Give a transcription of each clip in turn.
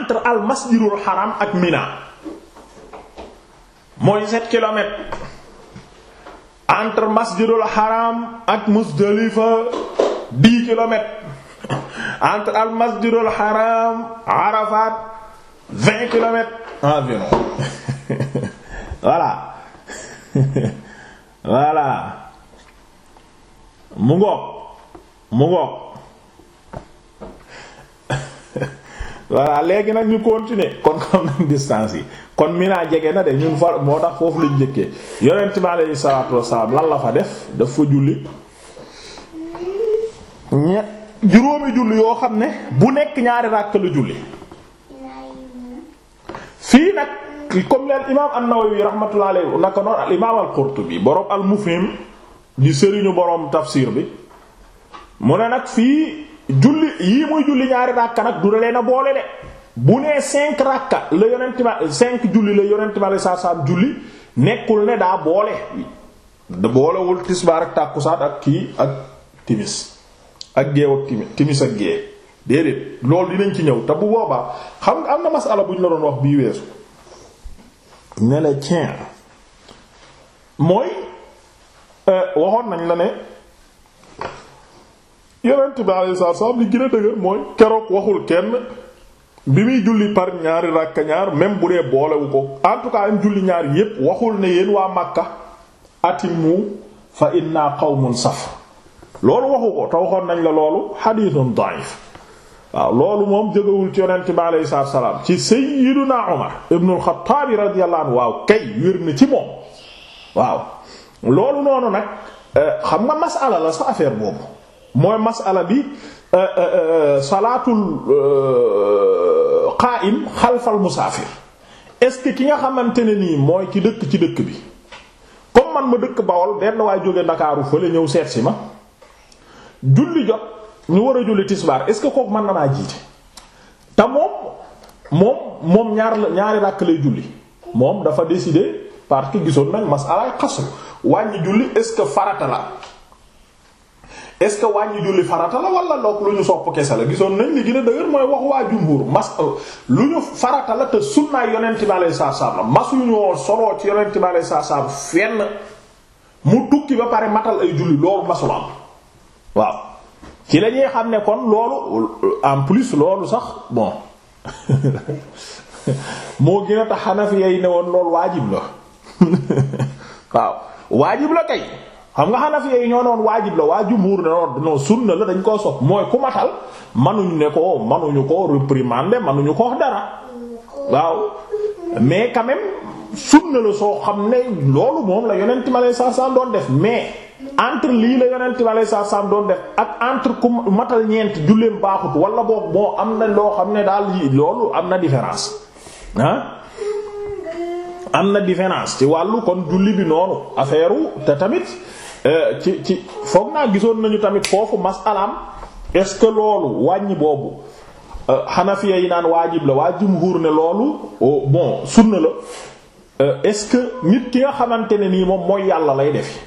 entre al masjidul haram ak Mina mooy sept kilomètres entre masjidul haram ak Muzdalifa dix kilomètres entre al masjidul haram Arafat vingt kilomètres environ mu ngoog mu ngoog voilà léegi nag ñu continuer kon xam nañ distance yi kon Mina jege na de ñun fa moo tax foofu lañ jëkkee yonent bi alayhi salaatu wassalaam lan la fa def daf fa julli ñe juróomi julli yoo xam ne bu nekk ñaari ràkk la julli fii nag comme leen imaam an-Nawawi rahmatullah alayhi naka noonu al imaam al-Qurtubi borom al-Mufhim di sëriñu borom tafsir bi mu ne nag fii julli yii muy julli ñaari ràkka nag du leen a boole de bu nee cinq ràkka la yonent ma cinq julli la yonent ma la saa saam julli nekkul ne daa boole boolewul tisbaar ak tàkkusaan ak kii ak timis ak géew ak timis timis ak géew déedéet loolu dinañ ci ñëw te bu boobaa xam nga am na masala bu ñu la doon wax bii weesu ne la mooy euh, waxoon nañ la ne yonent bi alayhi salaatu li gën a dëgër mooy keroog waxul kenn bi muy julli par ñaari ràkka ñaar même bu dee boolewu ko en tout julli ñaar yépp waxul ne yéen waa Makka atimmu fa inna qawmun safar loolu waxu ko te waxoon nañ la loolu xadiisun da'if waaw loolu moom jógewul ci yonent bi alayhi salaatu salaam ci sayyiduna Umar ibnul Xattaab radiyallahu anhu waaw kay wér na ci moom waaw loolu noonu nag eh, xam nga masala la sa affaire boobu mooy masala bi euh, euh, euh, salaatul qaa'im xalfal musaafir est-ce ki nga xamante ne nii mooy ki dëkk ci dëkk bi comme man ma dëkk Bawol benn waay jóge Ndakaaru fële ñëw seet si ma julli jot ñu war a julli tisbaar est-ce que kooku mën na maa jiite te moom moom moom ñaar la ñaari ràkk lay julli moom dafa décider parce que gisoon nañ masalaay xasu wàññi julli est-ce que farata la est-ce que wàññi julli farata la wala look lu ñu sopp kese la gisoon nañ li gën a dëgër mooy wax waa jumhur mas euh, lu ñu farata la te sunnaay yonent bi alayhi salaam la masuñoo soloo ci yonent bi alayhi fenn mu tukki ba pare matal ay julli loolu masul am waaw ci la xam ne kon loolu euh, en plus loolu sax bon moo gën a tax Hanafi yi ne woon loolu waajib la waaw waajib la kay. xam nga Hanafiya yooyu ñoo noon waajib la waa jumhuur ne non sunna la dañ koo sopp mooy ku matal manuñ ne ko manuñu ko réprimander manuñu ko dara waaw mais quand même sunna la soo xam ne loolu moom la yonent ma lay sàrsaan doon def mais entre lii la yonent ma lay sàrsaan doon def ak entre ku matal ñeent julleem baaxut wala boog bon am na loo xam ne daal loolu am na différence ah. am na différence ci wàllu kon julli bi noonu affaire te tamit euh, ci ci foog naa gisoon nañu tamit foofu masalaam est-ce que loolu wàññi boobu xanafiya euh, yi naan waajib la waa jumhur ne loolu oh, bon sunna la euh, est-ce que nit ki nga xamante ne nii moom mooy yàlla lay defi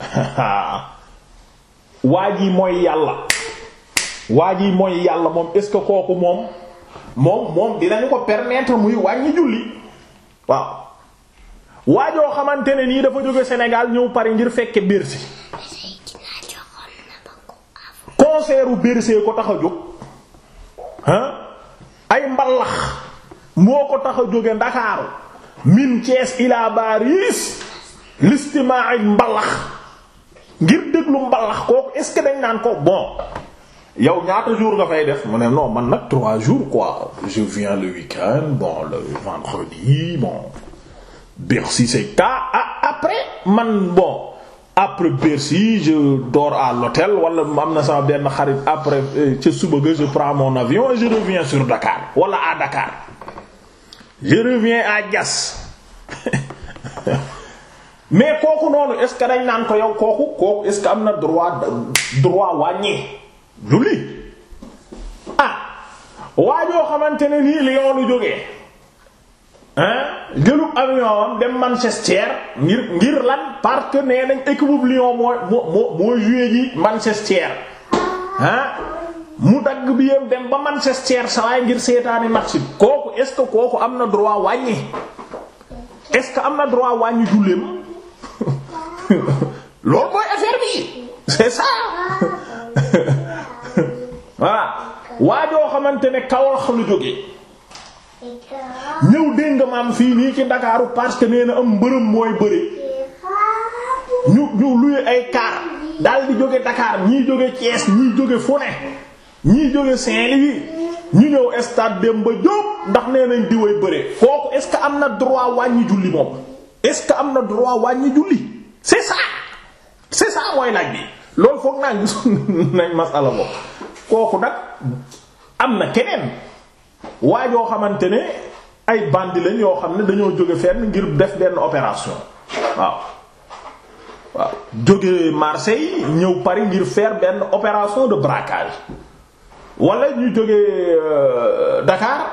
waaj yi mooy yàlla waaj yi mooy yàlla moom est-ce que kooku moom moom moom dinañu ko permetre muy wàññi julli waaw waajoo xamante ne nii dafa jóge Sénégal ñëw pare ngir fekke Bercy concertu Bercy ko tax a jóg ay mbalax moo ko tax a jóge Ndakaaru min Thiès ila Paris listimaa ay mbalax ngir déglu mbalax kooku est-ce que dañ naan ko bon yow ñaata jour nga fay def mu ne non man nag trois jours quoi je viens le week-end bon le vendredi bon Bercy c'est tard ah après man bon après Bercy je dors à l'hôtel wala am na sama benn xarit après euh, ca suba ga je prends avion je reviens sur Dakar wala à Dakar je reviens à Diass mais kooku noonu est-ce que dañ naan ko yow kooku kooku est-ce que am na droit droit wàññi. du lii ah xamante ne nii Lyon lu jógee ah jëlub avion dem Manchester ngir ngir lan parce que nee nañ équipe Lyon moo moo moo joué ji Manchester ah mu dagg bi yam dem ba Manchester sawaay ngir seetaani match kooku est kooku am na droit wàññi est-ce que am na droit wàññi julleem loolu mooy affaire bi c'est ça. waa waajoo xamante ne Kaolack lu jógee ñëw dégg nga maam fii nii ci Ndakaaru parce que nee na am mbërëm mooy bëre ñu ñu luye ay kaar dal di jóge Dakar ñii jóge Thiès ñii jóge Fone ñii jóge Saint-Louis ñu ñëw stade Demba Diop ndax nee nañ diwee bëre kooku est-ce que am na droit wàññi julli moom est-ce que am na droit wàññi julli c'est ça c'est ça mooy laaj bi loolu foog naa gisoon nañ masala boobu kooku nag am na keneen waa joo xamante ne ay bandi lañ yoo xam ne dañoo jóge fenn ngir def benn opération waaw waaw jóge Marseille ñëw Paris ngir fer benn opération de braquage wala ñu jóge euh, Dakar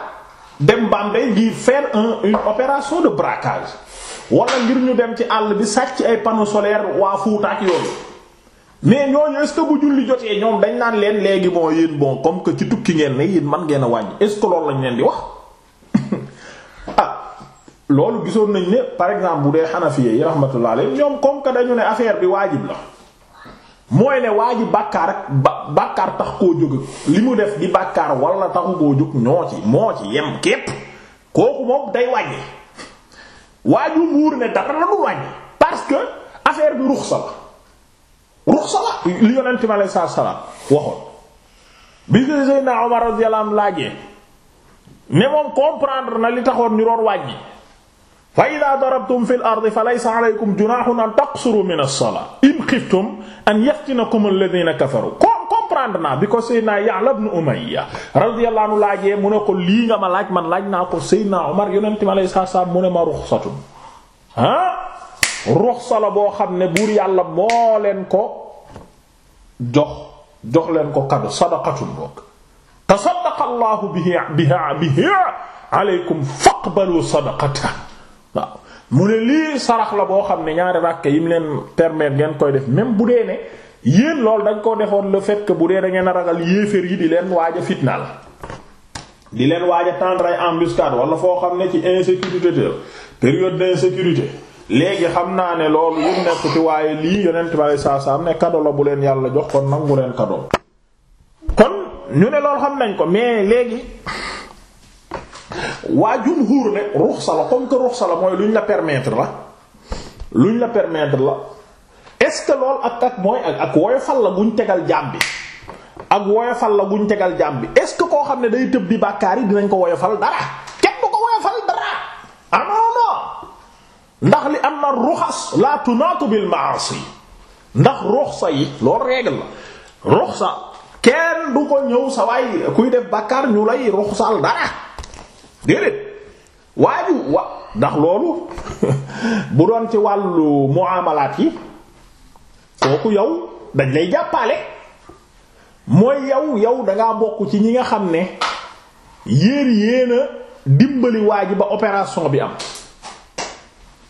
dem Bambey ngir faire un une de braquage wala ngir ñu dem ci àll bi sàcc ay panneaux solaires waa Fuuta ak yooyu mais ñooñu est ce que bu julli jotee ñoom dañ naan leen léegi bon yéen bon comme que ci tukki ngeen ne yéen man ngeen a wàññi est ce que loolu lañ leen di wax ah loolu gisoon nañ ne par exemple bu dee xanafiye yi rahmatullah alayhi ñoom comme que dañu ne affaire bi waajib la mooy ne waajib bàkkaar ak ba bàkkaar tax koo jóg li mu def di bàkkaar wala taxu koo jóg ñoo ci moo ci yem képp kooku moom day wàññi waaju muur ne dara la du parce que affaire bi ruxsa la ruxsa la li yonent mi alayhi salaatu salaam waxoon bi ko Seydina Omar radiyallahu anhu laajee ne moom comprendre na li taxoon ñu doon wàññi fa idaa darabtum fil ardi fa laysa alaykum junaahun an taqsuru min as-salaati in xiftum an yaftinakum alladhiina kafaru comprendre naa bi ko Seydina Ya'la ibn Umayya radiyallahu anhu laajee mu ne ko lii nga ma laaj man laaj naa ko Seydina Omar yonent mi alayhi salaatu salaam mu ne ma ruxsatun ha ruxsa la boo xam ne buur yàlla moo leen ko jox jox leen ko bi sadaqatun bi tasaddaqa bi biha biha biha aleykum faqbalu sadaqata waaw mu ne lii sarax la boo xam ne ñaari ràkke yi mu leen permettre ngeen koy def même bu dee ne yéen loolu dañ ko defoon la fait bu dee da ngeen a ragal yéeféer yi di leen waaj a fitnaal di leen waaj a tendre ay embuscade wala foo xam ne ci insécurité période d'insécurité léegi xam naa ne loolu yu nekk ci waaye lii yonent ba lay saa saa ne kado la bu leen yàlla jox kon nangu leen kado kon ñu ne lool xam nañ ko mais léegi waa jumhuur ne ruxsa la comme que ruxsa la mooy luñ la permettre la luñ la permetre la est-ce que loolu ak ak mooy ak woyofal la buñ tegal jaam bi ak woyofal la buñ tegal jaam bi est-ce que koo xam ne day tëb di bàkkaar yi dinañ ko woyofal dara. ndax li am na ruxas la tunaatu bil maasi ndax ruxsa yi loolu règle la ruxsa kenn du ko ñëw sa waay kuy def bàkkaar ñu lay ruxsal dara déedéet waaju wa ndax loolu bu doon ci wàllu muamalaat yi kooku yow dañ lay jàppale mooy yow yow dangaa bokk ci ñi nga xam ne yéen yéena dimbali waa ji ba opération bi am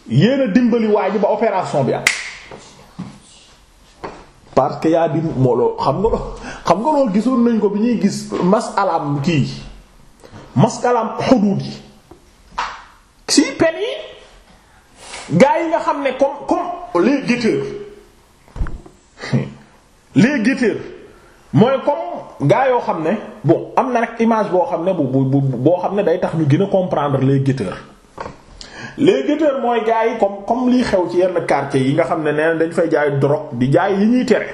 yéen a dimbali waa ji ba opération bi am parce que yaa dim mooloo xam nga xam nga loolu gisoon nañ ko bi ñuy gis masalaam kii masalaam xuduud yi si pen yi gaa yi nga xam ne comme comme les guetteurs les guetteurs mooy comme gaa yoo xam ne bon am na rek image boo xam ne bu bu boo xam ne day tax ñu gën a comprendre les guetteurs les guetteurs mooy gars yi comme comme lii xew ci yenn quartier yi nga xam ne nee dañ fay jaay drogue di jaay yi ñuy tere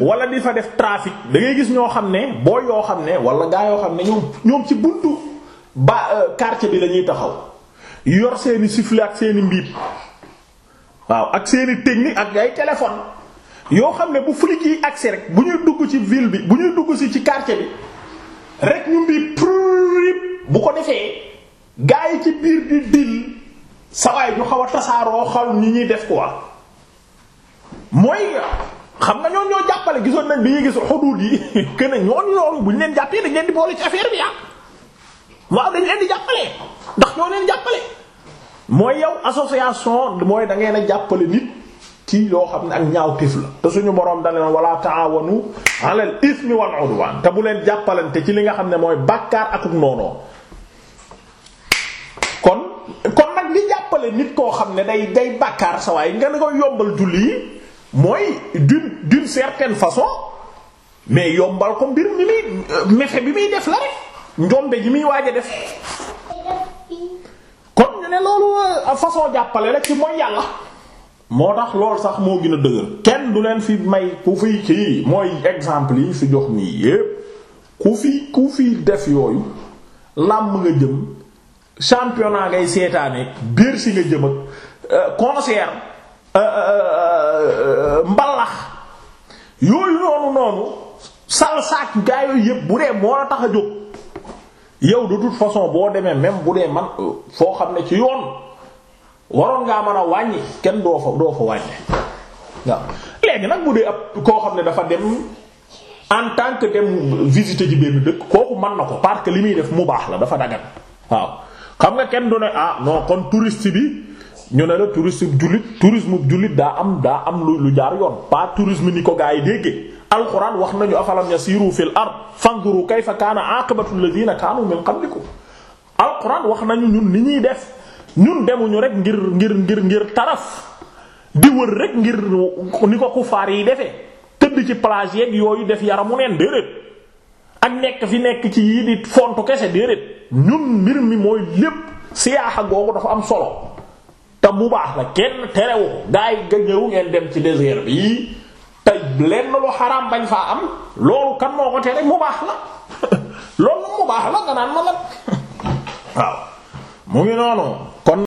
wala di fa def trafic da ngay gis ñoo xam ne booy yoo xam ne wala gaa yoo xam ne ñoom ñoom ci buntu ba euh, quartier bi lañuy ñuy taxaw yor seeni sifflet ak seeni mbiib waaw ak seeni technique ak ay téléphone yoo xam ne bu flic yi agsi rek bu ñuy dugg ci ville bi bu ñuy dugg si ci quartier bi rek ñu mbiib bu ko defee. gaa yi ci biir di dil sawaay ñu xaw a tasaaroo xaw ñi ñuy def quoi mooy xam nga ñoon ñoo jàppale gisoon nañ bi ñuy gis xuduud yi que ne ñooñu loolu bu ñu leen jàppee dañ di boole ci affaire bi ah waaw leen di ndax ñoo leen jàppale mooy yow association mooy da ngeen a jàppale nit ci loo xam ne ak ñaaw tif la te suñu boroom da leen wala taawanu alal ismi wal udwan te bu leen jàppalante ci li nga xam ne mooy bàkkaar ak noonoo kon kon nag li jàppale nit koo xam ne day day bàkkaar sa waay nga ne ko yombal julli yi mooy d'une d'une certaine façon mais yombal ko mbir mi muy mexe bi muy def la rek njombe ji muy waaj def kon ñu ne loolu euh, façon jàppale la ci mooy yàlla moo tax lool sax moo gën a dëgër kenn du leen fi may ku fiy kii mooy exemple yi fi jox nii yépp ku fi ku fi def yooyu làmm nga jëm championnat ngay seetaanee biir si nga jëm ak euh, concert euh, euh, mbalax yooyu noonu noonu salsaak gaa yooyu yëpp bu dee moo la tax a jóg yow de toute façon boo demee même bu dee man foo xam ne ci yoon waroon ngaa mën a wàññi kenn doo fa doo fa wàññi waaw léegi nag mu dee ab koo xam ne dafa dem en tant que dem visiter ci benn dëkk kooku mën na ko parce que li muy def mu baax la dafa dagan waaw xam nga kenn du ne ah non kon tourist bi ñu ne la touriste jullit tourisme jullit daa am daa am lu lu jaar yoon pas tourisme ni ko gaa yi déggee alxuraan wax nañu afalam yasiru fil ard fanzuru kayfa kaana aqibatu alladhina kaanu min ko alxuraan wax nañu ñun ni ñuy def ñun demuñu rek ngir ngir ngir ngir taraf di wër rek ngir ni ko kufaar yi defee tëdd ci plage yeeg yooyu def yaramu neen déedéet ak nekk fi nekk ci yii di fontu kese déedéet ñun mbir mi mooy lépp siyaaxa googu dafa am solo te mu baax la kenn terewu gaa yi nga ñëw ngeen dem ci désert bi te lenn lu xaraam bañ faa am loolu kan moo ko tere mu baax la loolu mu baax la nga naan ma lan waaw mu ngi noonu kon